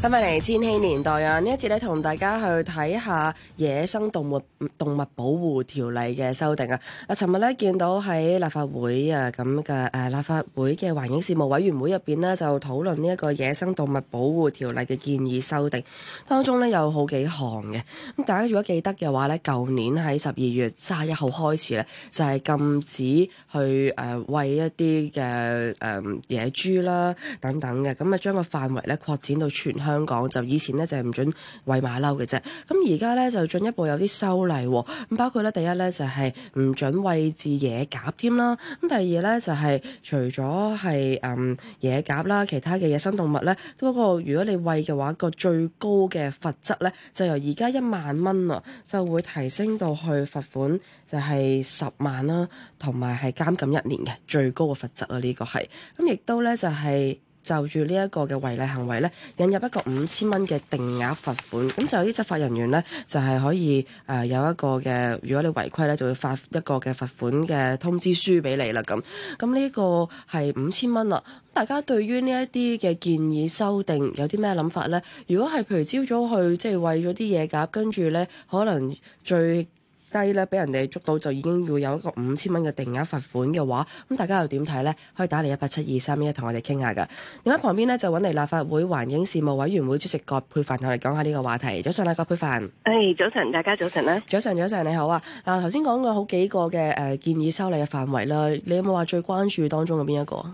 翻返嚟《千禧年代》啊！呢一次咧，同大家去睇下《野生動物動物保護條例》嘅修訂啊！嗱，尋日咧見到喺立法會啊咁嘅，誒立法會嘅環境事務委員會入邊咧，就討論呢一個《野生動物保護條例》嘅建議修訂，當中咧有好幾項嘅。咁、啊、大家如果記得嘅話咧，舊年喺十二月卅一號開始咧，就係、是、禁止去誒、啊、喂一啲嘅誒野豬啦等等嘅，咁啊將個範圍咧擴展到全香。香港就以前咧就係唔准餵馬騮嘅啫，咁而家咧就進一步有啲修例喎，咁包括咧第一咧就係、是、唔准餵飼野鴿添啦，咁第二咧就係、是、除咗係誒野鴿啦，其他嘅野生動物咧，不過如果你餵嘅話，個最高嘅罰則咧就由而家一萬蚊啦，就會提升到去罰款就係十萬啦，同埋係監禁一年嘅最高嘅罰則啊，呢、這個係咁亦都咧就係、是。就住呢一個嘅違例行為咧，引入一個五千蚊嘅定額罰款，咁就有啲執法人員咧就係、是、可以誒、呃、有一個嘅，如果你違規咧，就會發一個嘅罰款嘅通知書俾你啦咁。咁呢個係五千蚊啦。大家對於呢一啲嘅建議修訂有啲咩諗法咧？如果係譬如朝早去即係餵咗啲野鴿，跟住咧可能最低咧，俾人哋捉到就已經要有一個五千蚊嘅定額罰款嘅話，咁大家又點睇咧？可以打嚟一八七二三一，同我哋傾下㗎。另外旁邊咧就揾嚟立法會環境事務委員會主席葛珮帆同我哋講下呢個話題。早晨啊，葛珮帆。誒，早晨，大家早晨啦。早晨，早晨，你好啊。嗱、啊，頭先講過好幾個嘅誒、呃、建議修例嘅範圍啦，你有冇話最關注當中嘅邊一個？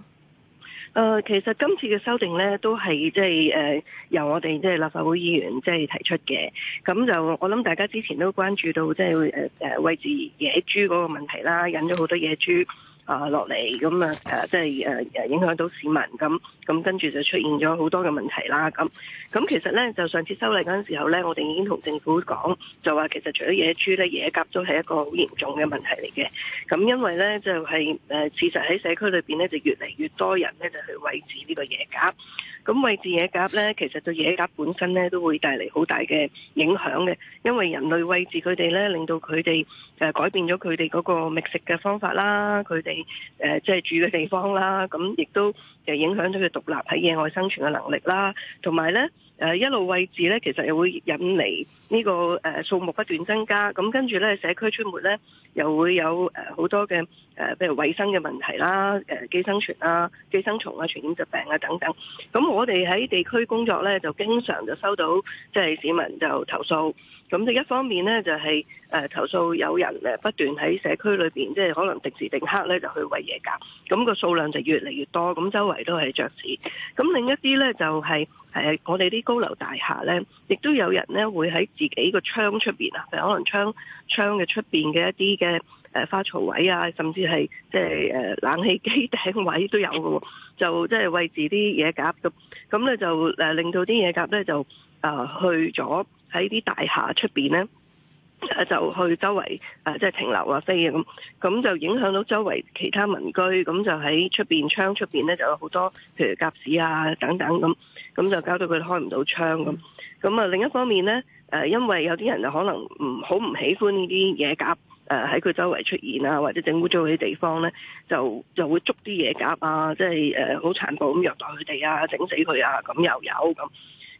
誒、呃，其實今次嘅修訂呢，都係即係由我哋即係立法會議員即係提出嘅。咁就我諗大家之前都關注到、就是，即係誒誒，餵飼野豬嗰個問題啦，引咗好多野豬。啊落嚟咁，啊誒，即係誒誒影響到市民咁，咁，跟住就出現咗好多嘅問題啦，咁咁，其實咧就上次修例嗰陣時候咧，我哋已經同政府講，就話其實除咗野豬咧，野鴿都係一個好嚴重嘅問題嚟嘅。咁因為咧就係誒，事實喺社區裏邊咧就越嚟越多人咧就去餵飼呢個野鴿。咁餵食野鴿咧，其實對野鴿本身咧都會帶嚟好大嘅影響嘅，因為人類餵食佢哋咧，令到佢哋誒改變咗佢哋嗰個覓食嘅方法啦，佢哋誒即係住嘅地方啦，咁亦都。就影響到佢獨立喺野外生存嘅能力啦，同埋呢誒一路餵食呢，其實又會引嚟呢、呢個誒、呃、數目不斷增加，咁跟住呢社區出沒呢，又會有誒好多嘅誒譬如衞生嘅問題啦、誒、呃、寄生蟲啊、寄生蟲啊、傳染疾病啊等等，咁我哋喺地區工作呢，就經常就收到即係市民就投訴。咁就一方面呢，就係、是、誒、呃、投訴有人誒不斷喺社區裏邊，即係可能定時定刻咧就去餵野鴿，咁、那個數量就越嚟越多，咁周圍都係雀屎。咁另一啲呢，就係、是、誒、呃、我哋啲高樓大廈呢，亦都有人呢會喺自己個窗出邊啊，可能窗窗嘅出邊嘅一啲嘅誒花槽位啊，甚至係即係冷氣機頂位都有嘅就即係餵住啲野鴿咁，咁呢就誒、呃、令到啲野鴿呢，就啊、呃、去咗，喺啲大廈出邊咧，就去周圍誒，即係停留啊、飛啊咁，咁就影響到周圍其他民居，咁就喺出邊窗出邊咧就有好多，譬如鴿子啊等等咁，咁就搞到佢開唔到窗咁。咁啊另一方面咧，誒，因為有啲人就可能唔好唔喜歡呢啲嘢鴿誒喺佢周圍出現啊，或者整污糟啲地方咧，就就會捉啲嘢鴿啊，即係誒好殘暴咁虐待佢哋啊，整死佢啊，咁又有咁。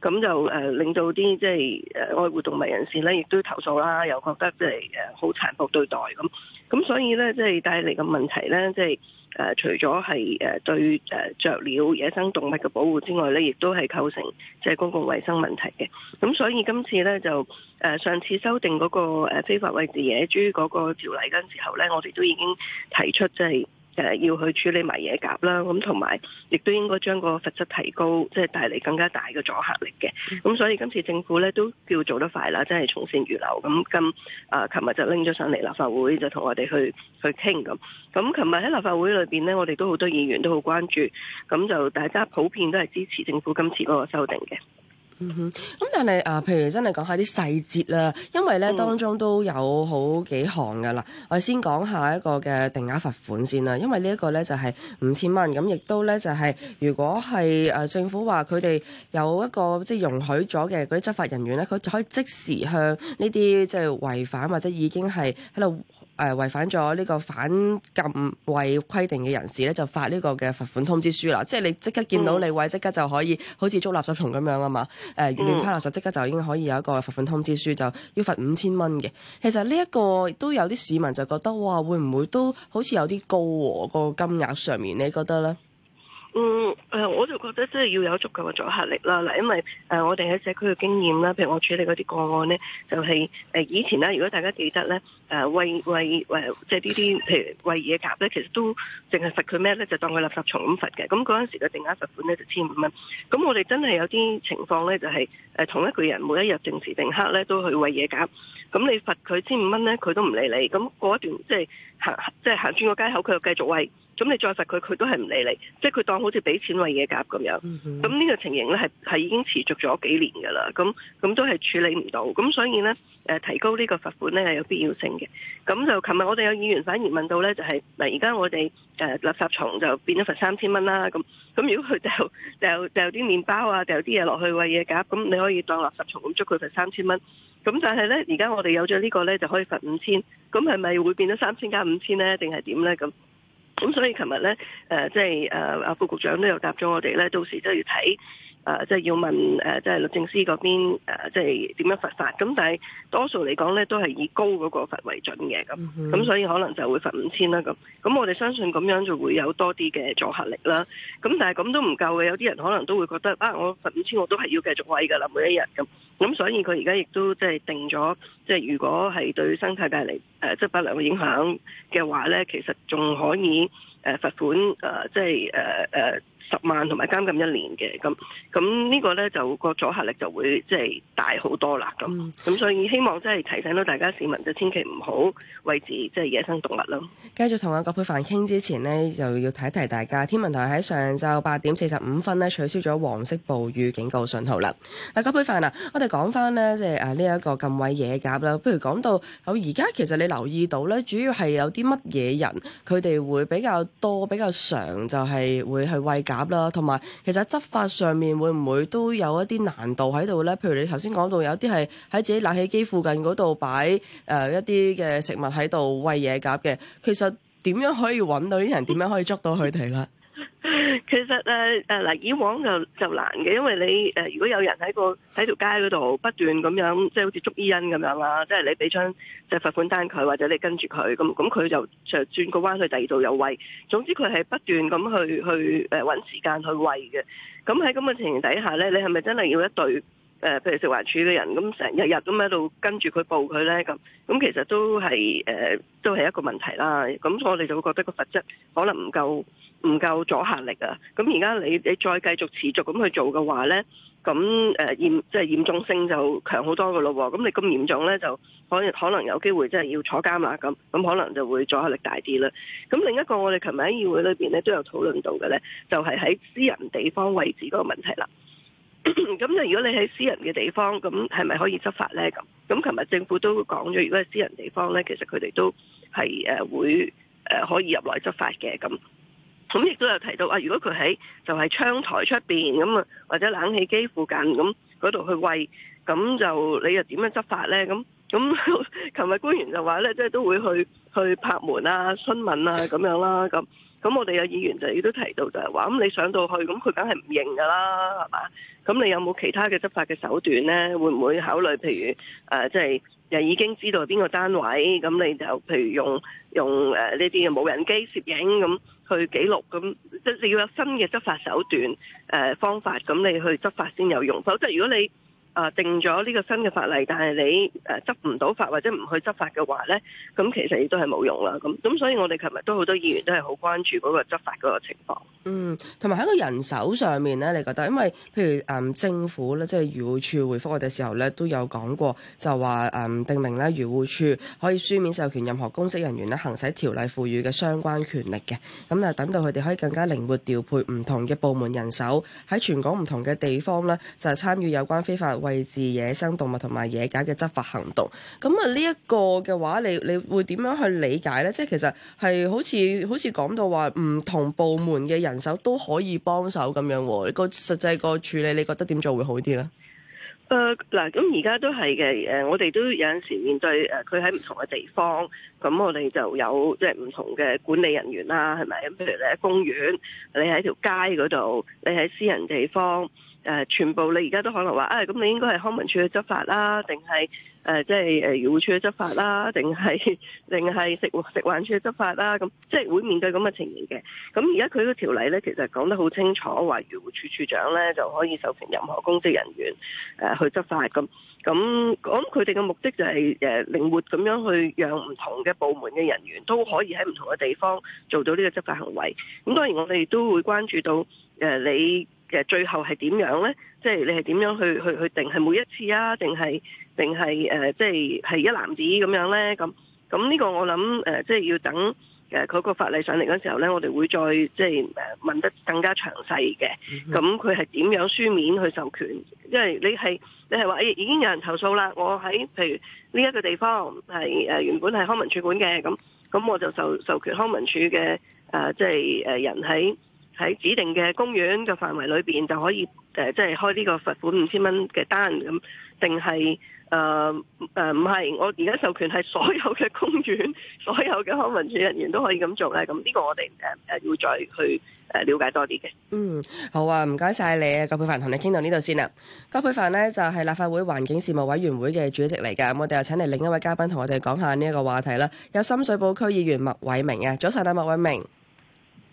咁就誒令到啲即係誒愛護動物人士咧，亦都投訴啦，又覺得即係誒好殘酷對待咁。咁所以咧，即係帶嚟嘅問題咧，即係誒除咗係誒對誒雀鳥、野生動物嘅保護之外咧，亦都係構成即係公共衞生問題嘅。咁所以今次咧就誒上次修訂嗰個非法餵飼野豬嗰個條例嗰陣時候咧，我哋都已經提出即係。就要去處理埋野鴿啦，咁同埋亦都應該將個罰則提高，即係帶嚟更加大嘅阻嚇力嘅。咁所以今次政府咧都叫做得快啦，即係從善如流咁。今啊，呃、琴日就拎咗上嚟立法會，就同我哋去去傾咁。咁琴日喺立法會裏邊咧，我哋都好多議員都好關注，咁就大家普遍都係支持政府今次嗰個修訂嘅。嗯哼，咁但係啊、呃，譬如真係講下啲細節啦，因為咧當中都有好幾項噶啦，我哋先講下一個嘅定額罰款先啦，因為呢一個咧就係、是、五千蚊，咁亦都咧就係、是、如果係啊、呃、政府話佢哋有一個即係、就是、容許咗嘅嗰啲執法人員咧，佢就可以即時向呢啲即係違反或者已經係喺度。誒、呃、違反咗呢個反禁餵規定嘅人士咧，就發呢個嘅罰款通知書啦。即係你即刻見到你位，即、嗯、刻就可以好似捉垃圾蟲咁樣啊嘛。誒亂拋垃圾，即、呃呃嗯、刻就已經可以有一個罰款通知書，就要罰五千蚊嘅。其實呢、這、一個都有啲市民就覺得哇，會唔會都好似有啲高喎？個金額上面，你覺得咧？嗯，誒我就覺得即係要有足夠嘅阻嚇力啦。嗱，因為誒、呃、我哋喺社區嘅經驗啦，譬如我處理嗰啲個案咧，就係、是、誒、呃、以前啦。如果大家記得咧，誒餵餵誒，即係呢啲譬如餵野鴿咧，其實都淨係罰佢咩咧，就當佢垃圾蟲咁罰嘅。咁嗰陣時嘅定額罰款咧就千五蚊。咁我哋真係有啲情況咧，就係、是、誒、呃、同一個人每一日定時定刻咧都去餵嘢鴿，咁你罰佢千五蚊咧，佢都唔理你。咁嗰一段即係、就是、行即係行穿個街口，佢又繼續餵。咁你再罰佢，佢都係唔理你，即係佢當好似俾錢餵野鴿咁樣。咁呢個情形咧係係已經持續咗幾年㗎啦。咁咁都係處理唔到。咁所以咧，誒提高呢個罰款咧係有必要性嘅。咁就琴日我哋有議員反而問到咧，就係嗱，而家我哋誒垃圾蟲就變咗罰三千蚊啦。咁咁如果佢掉掉掉啲麵包啊，掉啲嘢落去餵野鴿，咁你可以當垃圾蟲咁捉佢罰三千蚊。咁但係咧，而家我哋有咗呢個咧，就可以罰五千。咁係咪會變咗三千加五千咧？定係點咧？咁？咁所以琴日咧，誒即係誒阿副局長都有答咗我哋咧，到時都要睇，誒即係要問誒即係律政司嗰邊誒即係點樣罰法。咁但係多數嚟講咧，都係以高嗰個罰為準嘅咁。咁所以可能就會罰五千啦咁。咁我哋相信咁樣就會有多啲嘅阻嚇力啦。咁但係咁都唔夠嘅，有啲人可能都會覺得啊，我罰五千我都係要繼續餵㗎啦，每一日咁。咁所以佢而家亦都即係定咗，即係如果係對生態帶嚟。誒即係不良嘅影響嘅話咧，其實仲可以誒罰、呃、款誒、呃，即係誒誒。呃呃十萬同埋監禁一年嘅，咁，咁呢個呢，就個阻嚇力就會即係、就是、大好多啦。咁咁、嗯、所以希望即係、就是、提醒到大家市民就千祈唔好餵自即係野生動物咯。繼續同阿葛珮帆傾之前呢，就要提一提大家，天文台喺上晝八點四十五分呢，取消咗黃色暴雨警告信號啦。阿葛珮帆啊，我哋講翻呢，即係誒呢一個禁餵野鴿啦。不如講到我而家其實你留意到呢，主要係有啲乜嘢人佢哋會比較多、比較常就係會去餵鴿鴿啦，同埋其實執法上面會唔會都有一啲難度喺度呢？譬如你頭先講到有啲係喺自己冷氣機附近嗰度擺誒一啲嘅食物喺度餵野鴿嘅，其實點樣可以揾到啲人？點樣可以捉到佢哋呢？ 其實誒誒嗱，以往就就難嘅，因為你誒、啊、如果有人喺個喺條街嗰度不斷咁樣，即係好似捉伊恩咁樣啦，即係你俾張即係罰款單佢，或者你跟住佢咁，咁佢就就轉個彎去第二度有餵。總之佢係不斷咁去去誒揾、啊、時間去餵嘅。咁喺咁嘅情形底下咧，你係咪真係要一隊誒、啊，譬如食環署嘅人咁成日日咁喺度跟住佢報佢咧咁？咁其實都係誒、啊，都係一個問題啦。咁我哋就會覺得個罰則可能唔夠。唔夠阻嚇力啊！咁而家你你再繼續持續咁去做嘅話咧，咁誒嚴即係嚴重性就強好多嘅咯。咁你咁嚴重咧，就可能可能有機會即係要坐監啦。咁咁可能就會阻嚇力大啲啦。咁另一個我哋琴日喺議會裏邊咧都有討論到嘅咧，就係、是、喺私人地方位置嗰個問題啦。咁 就如果你喺私人嘅地方，咁係咪可以執法咧？咁咁琴日政府都講咗，如果係私人地方咧，其實佢哋都係誒會誒、呃、可以入內執法嘅咁。咁亦都有提到啊！如果佢喺就喺、係、窗台出邊，咁啊，或者冷氣機附近咁嗰度去餵，咁就你又點樣執法咧？咁咁琴日官員就話咧，即係都會去去拍門啊、詢問啊咁樣啦、啊、咁。咁我哋有議員就亦都提到就係話，咁你上到去，咁佢梗係唔認噶啦，係嘛？咁你有冇其他嘅執法嘅手段咧？會唔會考慮譬如誒，即係又已經知道係邊個單位，咁你就譬如用用誒呢啲嘅無人機攝影咁去記錄，咁即係你要有新嘅執法手段誒方法，咁你去執法先有用，否則如果你。啊、呃，定咗呢個新嘅法例，但係你誒、呃、執唔到法或者唔去執法嘅話呢，咁、嗯、其實亦都係冇用啦。咁、嗯、咁，所以我哋琴日都好多議員都係好關注嗰個執法嗰個情況。嗯，同埋喺個人手上面呢。你覺得因為譬如、呃、政府呢，即係漁護處回覆我哋嘅時候呢，都有講過，就話誒、呃、定名呢漁護處可以書面授權任何公職人員呢行使條例賦予嘅相關權力嘅。咁、嗯、啊，等到佢哋可以更加靈活調配唔同嘅部門人手喺全港唔同嘅地方呢，就係參與有關非法。餵飼野生動物同埋野狗嘅執法行動，咁啊呢一個嘅話，你你會點樣去理解呢？即係其實係好似好似講到話唔同部門嘅人手都可以幫手咁樣喎。個實際個處理，你覺得點做會好啲呢？誒，嗱、呃，咁而家都係嘅，誒，我哋都有陣時面對誒，佢喺唔同嘅地方，咁我哋就有即係唔同嘅管理人員啦，係咪？咁譬如你喺公園，你喺條街嗰度，你喺私人地方，誒、呃，全部你而家都可能話，啊、哎，咁你應該係康文署去執法啦，定係？誒、呃，即係誒漁護處嘅執法啦，定係定係食食環處嘅執法啦，咁、嗯、即係會面對咁嘅情形嘅。咁而家佢個條例咧，其實講得好清楚，話漁護處處長咧就可以授權任何公職人員誒、呃、去執法咁。咁、嗯嗯、我諗佢哋嘅目的就係、是、誒、呃、靈活咁樣去讓唔同嘅部門嘅人員都可以喺唔同嘅地方做到呢個執法行為。咁、嗯、當然我哋都會關注到誒、呃、你嘅最後係點樣咧。即係你係點樣去去去定係每一次啊？定係定係誒？即係係一男子咁樣咧？咁咁呢個我諗誒、呃，即係要等誒佢個法例上嚟嗰時候咧，我哋會再即係問得更加詳細嘅。咁佢係點樣書面去授權？因為你係你係話已經有人投訴啦。我喺譬如呢一個地方係誒、呃、原本係康文署管嘅咁，咁我就授授權康文署嘅誒即係誒、呃、人喺。喺指定嘅公園嘅範圍裏邊就可以誒、呃，即係開呢個罰款五千蚊嘅單，咁定係誒誒唔係？我而家授權係所有嘅公園、所有嘅康文署人員都可以咁做咧。咁呢個我哋誒誒要再去誒瞭解多啲嘅。嗯，好啊，唔該晒你，葛珮帆，同你傾到呢度先啦。葛珮帆呢，就係、是、立法會環境事務委員會嘅主席嚟㗎。咁我哋又請嚟另一位嘉賓同我哋講下呢一個話題啦。有深水埗區議員麥偉明啊。早晨啊，麥偉明。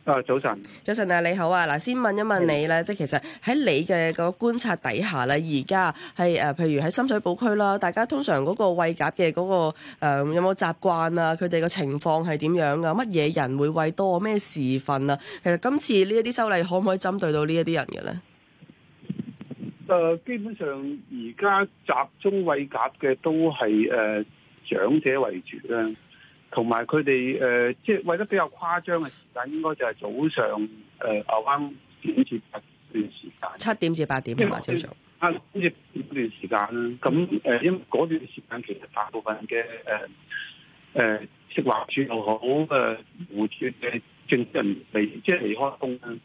啊，早晨，早晨啊，你好啊，嗱，先問一問你咧，嗯、即係其實喺你嘅個觀察底下咧，而家係誒，譬如喺深水埗區啦，大家通常嗰個餵鴿嘅嗰個誒、呃，有冇習慣啊？佢哋嘅情況係點樣啊？乜嘢人會餵多？咩時份啊？其實今次呢一啲修例可唔可以針對到呢一啲人嘅咧？誒、呃，基本上而家集中餵鴿嘅都係誒、呃、長者為主啦、啊。同埋佢哋誒，即係為咗比較誇張嘅時間，應該就係早上誒牛坑點至八段時間，七、呃、點至八點啊，朝早啊，好似嗰段時間啦。咁誒、嗯，因嗰段時間其實大部分嘅誒誒食環署又好誒護衞嘅政人嚟即係未開工啦。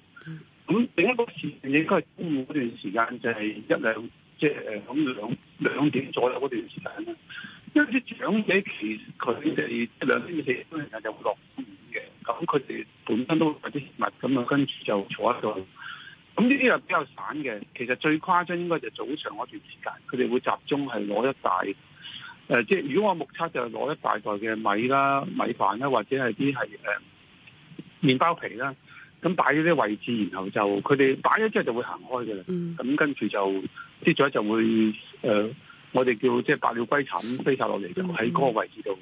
咁另一個事件應該係中午嗰段，就係嗯、段時間，就係一兩即係誒，咁兩兩點左右嗰段時間啦。因為啲長者其佢哋一兩星期嘅就會落空嘅，咁佢哋本身都係啲物咁啊，跟住就坐喺度。咁呢啲又比較散嘅，其實最誇張應該就早上嗰段時間，佢哋會集中係攞一大，誒， 即係如果我目測就攞一大袋嘅米啦、米飯啦，或者係啲係誒麪包皮啦，咁擺咗啲位置，然後就佢哋擺咗之後就會行開嘅。咁跟住就啲仔就會誒。我哋叫即係百鳥歸巢，飛晒落嚟就喺嗰個位置度，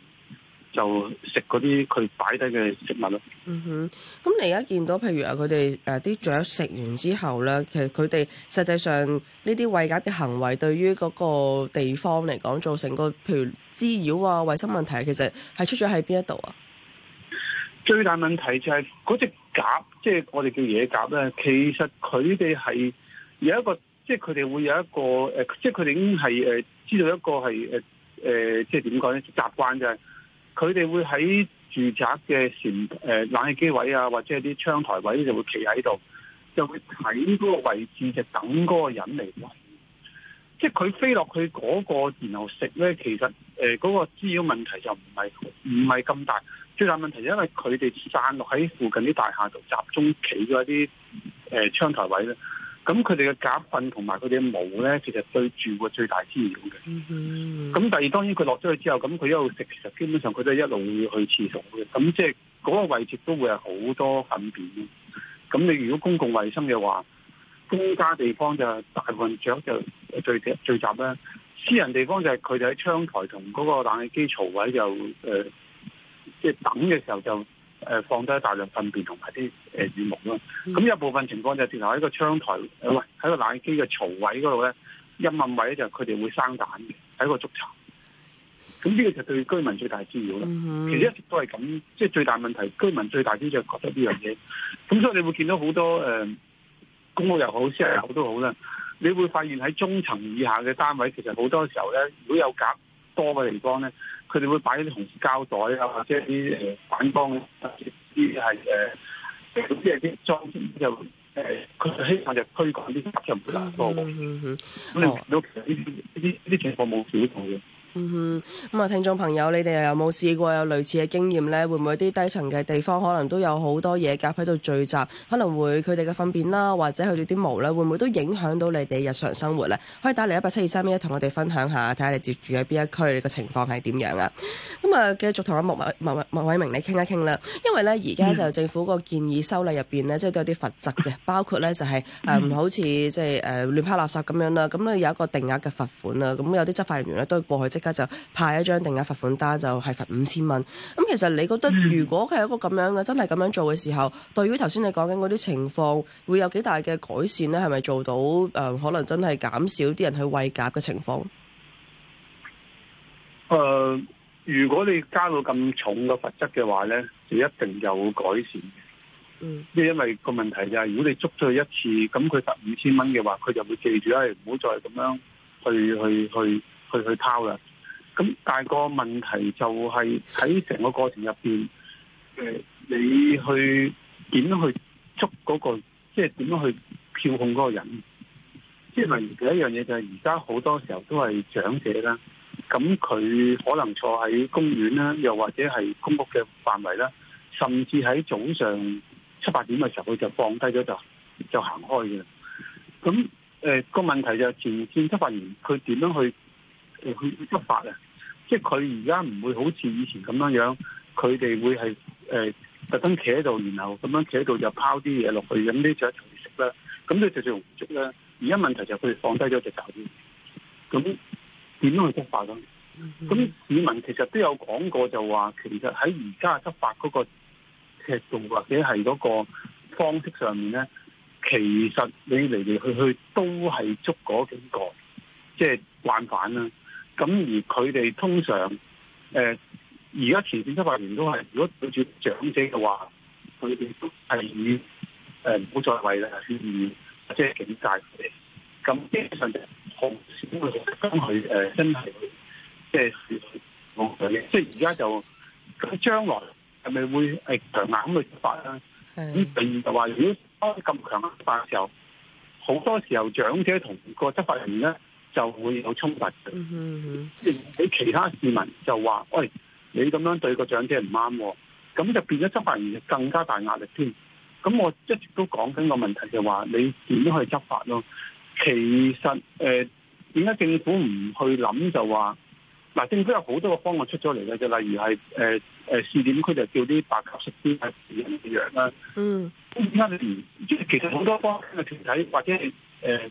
就食嗰啲佢擺低嘅食物咯。嗯哼，咁你而家見到，譬如啊，佢哋誒啲雀食完之後咧，其實佢哋實際上呢啲餵鴿嘅行為，對於嗰個地方嚟講，造成個譬如滋擾啊、衛生問題啊，其實係出咗喺邊一度啊？最大問題就係嗰隻鴿，即係、就是、我哋叫野鴿咧，其實佢哋係有一個。即係佢哋會有一個誒，即係佢哋已經係誒，知道一個係誒誒，即係點講咧？習慣就係佢哋會喺住宅嘅前誒冷氣機位啊，或者係啲窗台位就會企喺度，就會喺嗰個位置就等嗰個人嚟餵。即係佢飛落去嗰個然後食咧，其實誒嗰個滋擾問題就唔係唔係咁大。最大問題因為佢哋散落喺附近啲大廈度集中企咗一啲誒窗台位咧。咁佢哋嘅鴿糞同埋佢哋嘅毛咧，其實對住會最大滋擾嘅。咁第二當然佢落咗去之後，咁佢一路食，其實基本上佢都係一路會去廁所嘅。咁即係嗰個位置都會係好多糞便。咁你如果公共衞生嘅話，公家地方就大部分雀就聚集聚集咧，私人地方就係佢哋喺窗台同嗰個冷氣機槽位就誒，即、呃、係、就是、等嘅時候就，誒、嗯、放低大量糞便同埋啲誒羽毛咯，咁有部分情況就跌落喺個窗台，唔喺個冷氣機嘅槽位嗰度咧，一問位咧就佢哋會生蛋嘅，係一個築巢。咁、嗯、呢、嗯嗯嗯、個就對居民最大滋擾啦。其實一直都係咁，即、就、係、是、最大問題，居民最大啲就覺得呢樣嘢。咁所以你會見到好多誒、呃、公屋又好，私人又好都好啦，你會發現喺中層以下嘅單位，其實好多時候咧，如果有隔多嘅地方咧，佢哋會擺啲紅膠袋啊，或者啲誒反光嘅，或者啲係誒，即係啲裝飾又誒，佢就希望就推廣啲垃圾唔會攔多嘅。咁你其實呢啲呢呢啲情況冇見到嘅。 咁啊，聽眾朋友，你哋又有冇試過有類似嘅經驗呢？會唔會啲低層嘅地方可能都有好多嘢夾喺度聚集？可能會佢哋嘅糞便啦，或者佢哋啲毛呢，會唔會都影響到你哋日常生活呢？可以打嚟一八七二三一，同我哋分享下，睇下你住住喺邊一區，你個情況係點樣啊？咁啊，繼續同阿麥偉、麥偉、麥偉明你傾一傾啦。因為呢而家就政府個建議修例入邊呢，即係都有啲罰則嘅，包括呢就係誒唔好似即係誒亂拋垃圾咁樣啦。咁咧有一個定額嘅罰款啦。咁有啲執法人員呢，都過去即。就派一張定額罰款單就罰，就係罰五千蚊。咁、嗯、其實你覺得，如果佢係一個咁樣嘅，真係咁樣做嘅時候，對於頭先你講緊嗰啲情況，會有幾大嘅改善呢？係咪做到誒、呃？可能真係減少啲人去餵鴿嘅情況。誒、呃，如果你加到咁重嘅罰則嘅話呢，就一定有改善嘅。即係、嗯、因為個問題就係、是，如果你捉咗佢一次，咁佢罰五千蚊嘅話，佢就會記住，唉，唔好再咁樣去去去去去，去，去拋啦。咁大個問題就係喺成個過程入邊，誒，你去點樣去捉嗰個，即係點樣去票控嗰個人？即係例如另一樣嘢就係而家好多時候都係長者啦，咁佢可能坐喺公園啦，又或者係公屋嘅範圍啦，甚至喺早上七八點嘅時候，佢就放低咗就就行開嘅。咁誒、呃個問題就係前線執法員佢點樣去去執法啊？即係佢而家唔會好似以前咁樣樣，佢哋會係誒、呃、特登企喺度，然後咁樣企喺度就拋啲嘢落去，咁呢就一齊食啦。咁你就算唔捉咧，而家問題就係佢哋放低咗隻狗。咁點樣去執法咁？咁市民其實都有講過就，就話其實喺而家執法嗰個尺度或者係嗰個方式上面咧，其實你嚟嚟去去都係捉嗰幾個即係慣犯啦。咁而佢哋通常，誒而家前線執法人員都係，如果對住長者嘅話，佢哋都係以誒唔好再為啦勸誡，或者警戒佢哋。咁基本上好少會覺佢誒真係即係唔合理。即係而家就咁、是就是、將來係咪會係強硬咁去執法咧？咁第二就話，如果當咁強化嘅時候，好多時候長者同個執法人員咧。就會有衝突，即係俾其他市民就話，喂，你咁樣對個長者唔啱，咁就變咗執法員更加大壓力添。咁我一直都講緊個問題就話，你點樣去執法咯？其實，誒點解政府唔去諗就話？嗱，政府有好多個方案出咗嚟嘅，就例如係誒誒試點區就叫啲白鴿食啲嘅試藥啦。嗯，咁點解你唔？即係其實好多方嘅團體或者係誒。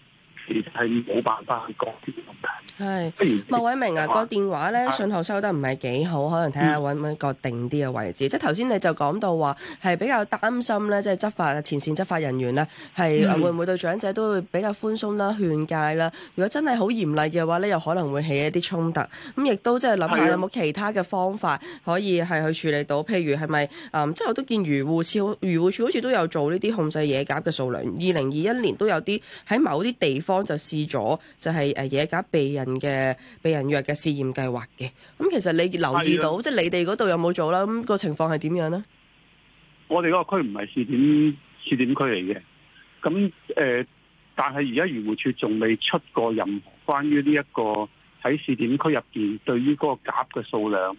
係冇辦法去講呢啲問題。係、哎。麥、嗯、偉、嗯、明啊，個吧電話咧信號收得唔係幾好，可能睇下揾唔揾個定啲嘅位置。嗯、即係頭先你就講到話係比較擔心咧，即、就、係、是、執法前線執法人員咧係、嗯、會唔會對長者都會比較寬鬆啦、勸戒啦。如果真係好嚴厲嘅話咧，又可能會起一啲衝突。咁亦都即係諗下有冇其他嘅方法可以係去處理到，譬如係咪嗯即我都見漁護署，漁護署好似都有做呢啲控制野鴿嘅數量。二零二一年都有啲喺某啲地方。就試咗就係誒野鴿避孕嘅避孕藥嘅試驗計劃嘅，咁其實你留意到，的即係你哋嗰度有冇做啦？咁、那個情況係點樣呢？我哋嗰個區唔係試點試點區嚟嘅，咁誒、呃，但係而家漁護署仲未出過任何關於呢一個喺試點區入邊對於嗰個鴿嘅數量，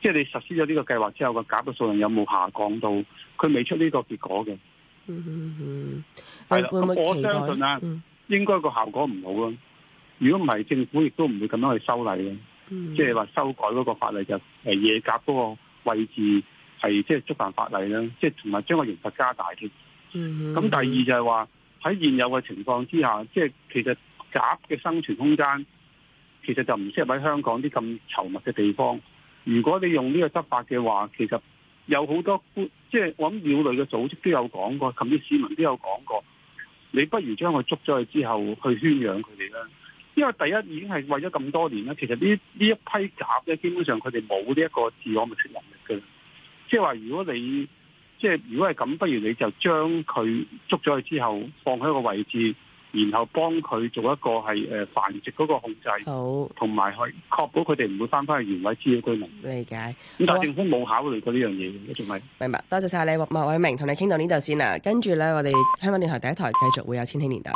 即、就、係、是、你實施咗呢個計劃之後個鴿嘅數量有冇下降到？佢未出呢個結果嘅、嗯。嗯嗯唔係啦，咁的不我相信啊。應該個效果唔好咯。如果唔係，政府亦都唔會咁樣去修例嘅，即係話修改嗰個法例就誒、是、野鴿嗰個位置係即係觸犯法例啦。即係同埋將個刑罰加大添。咁、嗯嗯、第二就係話喺現有嘅情況之下，即、就、係、是、其實鴿嘅生存空間其實就唔適合喺香港啲咁稠密嘅地方。如果你用呢個執法嘅話，其實有好多即係我諗鳥類嘅組織都有講過，甚至市民都有講過。你不如將佢捉咗去之後，去圈養佢哋啦。因為第一已經係餵咗咁多年啦，其實呢呢一批鴿咧，基本上佢哋冇呢一個自我嘅存能力嘅。即係話，如果你即係如果係咁，不如你就將佢捉咗去之後，放喺一個位置。然後幫佢做一個係誒繁殖嗰個控制，好同埋去確保佢哋唔會翻返去原位住嘅居民。理解。但政府冇考慮過呢樣嘢，一直咪明白。多謝晒你，麥偉明，同你傾到呢度先啦。跟住咧，我哋香港電台第一台繼續會有千禧年代。